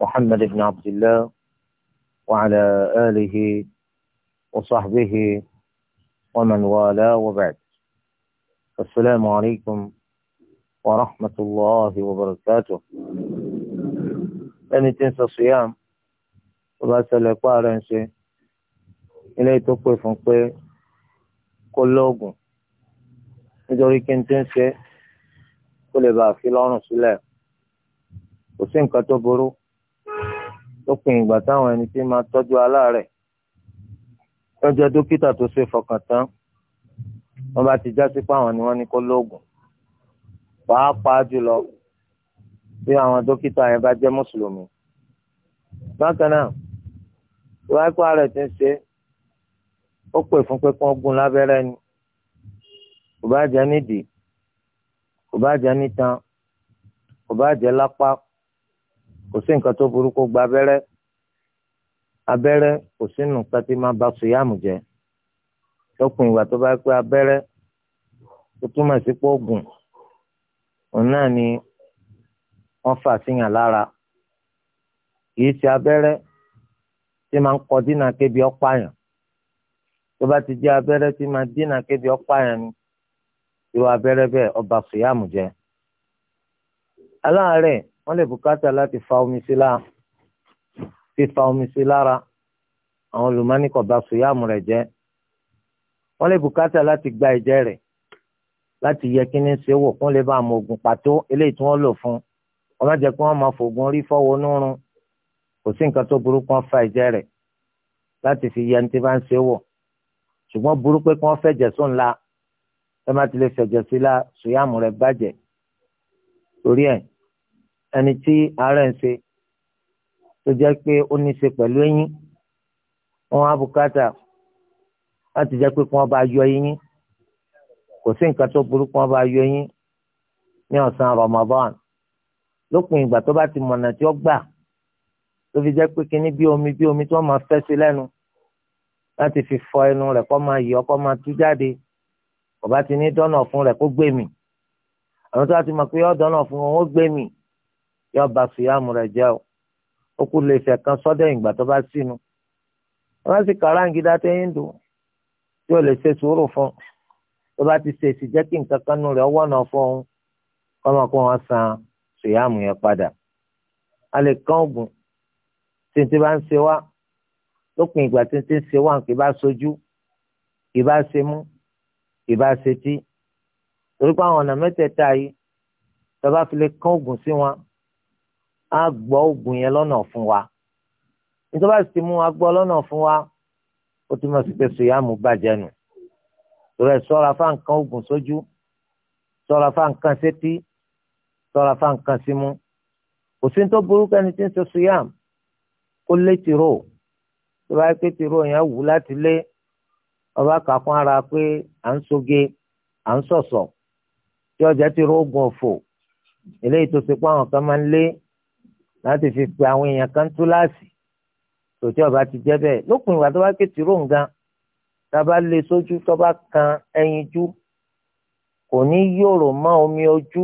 محمد بن عبد الله وعلى آله وصحبه ومن والاه وبعد السلام عليكم ورحمة الله وبركاته ẹni tí ń sọ síyàm tó bá ṣẹlẹ̀ pé ara ń ṣe ilé tó pè fún pé kó lóògùn nítorí kí n ti ń ṣe kó lè bàa fi lọ́rùn sílẹ̀ kò sí nǹkan tó burú lópin ìgbà táwọn ẹni tí máa tọ́jú aláàárẹ̀ wọ́n jẹ́ dókítà tó ṣe fọkàn tán wọ́n bá ti jásí pé ni wọ́n ní kó lóògùn pàápàá jùlọ bí àwọn dókítà yẹn bá jẹ́ mùsùlùmí. bákan náà ìwáìkú ààrẹ ti ń ṣe ó pè fún pé kán gún lábẹ́rẹ́ ni kò bá jẹ́ nídìí kò bá jẹ́ nítan kò bá jẹ́ lápá kò sí nǹkan tó burúkú gba abẹ́rẹ́ abẹ́rẹ́ kò sínú nǹkan tí máa ba sùyàmù jẹ. lọ́kùnrin ìwà tó bá pé abẹ́rẹ́ tó túmọ̀ sí pọ́ọ̀gùn òun náà ni wọ́n fà síyàn lára kìí ṣe abẹ́rẹ́ tí máa ń kọ dínà kébi tó bá ti jẹ́ abẹ́rẹ́ tí máa dínà kébi ni irú abẹ́rẹ́ bẹ́ẹ̀ wọ́n lè bùkátà láti fa omi sí lára fífa omi sí lára àwọn olùmọ́ni kò bá sùyàmù rẹ̀ jẹ́ wọ́n lè bùkátà láti gba ẹ̀jẹ̀ rẹ̀ láti yẹ kíní ṣe wò kún lè bá àwọn oògùn pàtó eléyìí tí wọ́n lò fún wọ́n má jẹ́ kí wọ́n máa fògùn orí fọ́wọ́ nírun kò sí nǹkan tó burú kan fa ẹ̀jẹ̀ rẹ̀ láti fi yẹ ní tí bá ń ṣe wò ṣùgbọ́n burú pé kí fẹ̀jẹ̀ sùn la ẹ má ti lè fẹ̀jẹ̀ sí la sùyàmù rẹ̀ bàjẹ́ torí ẹ̀ ẹni tí àárẹ̀ ń ṣe tó jẹ́ pé ó ní í ṣe pẹ̀lú eyín wọn á bùkátà láti jẹ́ pé kí wọ́n bá yọ eyín kò sí nǹkan tó burú kí wọ́n bá yọ eyín ní ọ̀sán Ramadan lópin ìgbà tó bá ti mọ̀nà tí ó gbà tó fi jẹ́ pé kíní bí omi bí omi tí wọ́n máa fẹ́ sí lẹ́nu láti fi fọ ẹnu rẹ̀ kó máa yọ kó máa tú jáde kò bá ti ní dọ́nà fún rẹ̀ kó gbé mì àwọn tó bá ti mọ̀ pé ó dọ́nà fún wọn ó gbé mì yóò ba sùyàmù rẹ̀ jẹ́ o ó kú lè fẹ̀ kan sọ́dẹ̀ ìgbà tó bá sínú wọ́n bá sì kàráǹgídá tẹ́yìn dùn tí o lè ṣe sùúrù fún tó bá ti ṣe èsì jẹ́ kí nǹkan kan nù rẹ̀ ọwọ́ náà fún un kọ́mọ kó wọn san sùyàmù yẹn padà a lè kán ògùn tí bá ń ṣe wá lópin ìgbà tí ṣe wá kì bá sojú kì bá ṣe mú kì bá ṣe tí torí pé àwọn ọ̀nà mẹ́tẹ̀ẹ̀ta yìí tó fi lè kán ògùn sí wọn. a gbọ́ ogun yẹn lọ́nà fún wa nítorí bá ti mú wa gbọ́ lọ́nà fún wa ó ti mọ̀ sí pé sòyàmù bàjẹ́ nù torí sọ́ra fáà nǹkan oògùn sójú sọ́ra fáà nǹkan sétí sọ́ra fáà nǹkan símú kò sí tó burú kẹ́ni tí ń ṣe sòyàmù kó lé tìró tó bá pé tìró ọba ara pé à ń soge à ń sọ̀sọ̀ tí ọjà ọ̀fọ̀ eléyìí tó láti fi pe àwọn èèyàn kan tú túláàsì tòtí ọba ti jẹ́ bẹ́ẹ̀ lópin ìgbà tó bá ké tìró nǹkan tába lé sójú tó bá kan ẹyinjú kò ní yòrò mọ omi ojú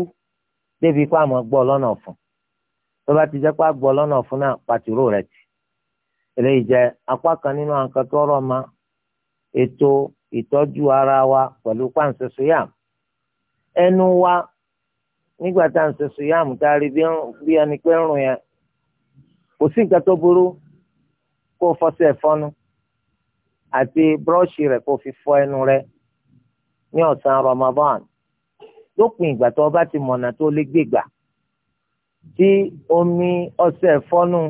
débi pé àmọ́ gbọ lọnà fún tọba ti jẹ́ pé gbọ lọnà fún náà pàtìró rẹ̀ tì eléyìí jẹ́ apá kan nínú àǹkan tó rọ̀ ma ètò ìtọjú ara wa pẹ̀lú pàǹsẹ̀ sóyà ẹnu wa nígbà tá à ń soso yá àmúta rí bí ẹni pé ń rùn yẹn kò sí nǹkan tó burú kó o fọṣẹ fọnu àti búrọ́ọ̀ṣì rẹ̀ kó o fi fọ ẹnu rẹ ní ọ̀sán Ramadan lópin ìgbà tó o bá ti mọ̀nà tó lé gbègbà tí omi ọṣẹ fọnu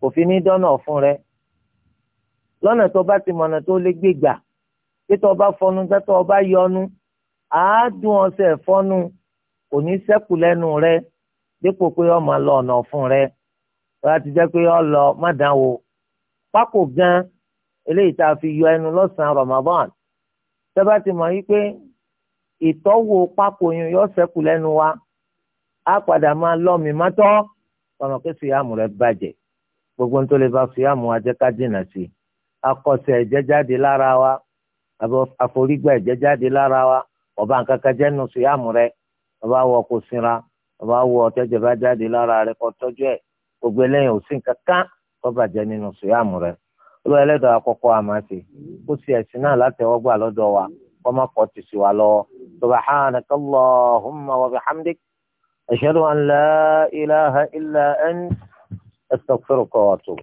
kò fi ní dọ́nà fún rẹ lọ́nà tó o bá ti mọ̀nà tó lé gbègbà tí tó o bá fọnu tó o bá yọnu àádùn ọṣẹ fọnu kò ní sẹ́kù lẹ́nu rẹ dípò pé ọmọ lọ ọ̀nà ọ̀fun rẹ wọ́n ti jẹ́ pé ọ lọ má dán wo pákó gan eléyìí tá a fi yọ ẹnu lọ́sàn-án Ramadan tẹ́bá ti mọ̀ yí pé ìtọ́wò pákó yun yọ sẹ́kù lẹ́nu wa á padà máa lọ mi má tọ́ ọ̀nà pé sùyàmù rẹ bàjẹ́ gbogbo nítorí lè ba sùyàmù wa jẹ́ ká dènà sí i akọsẹ̀ ẹ̀jẹ̀ jáde lára wa àforígbà ẹ̀jẹ̀ jáde lára wa ọba nǹkan kan jẹ́ nu ọba wọ kó sinra ọba wọ ọtẹjẹ bá jáde lára rẹ kó tọ́jú ẹ gbogbo eléyìí ò sí kankan tó bàjẹ́ nínú sùyàmù rẹ olóyè ẹlẹ́dàá àkọ́kọ́ àmàṣe kó sì ẹ̀sìn náà látẹ̀wọ́gbà lọ́dọ̀ wa kó má kọ́ ti sì wá lọ́wọ́ subhanaka allahumma wa bihamdik ashhadu an la ilaha illa ant astaghfiruka wa atubu.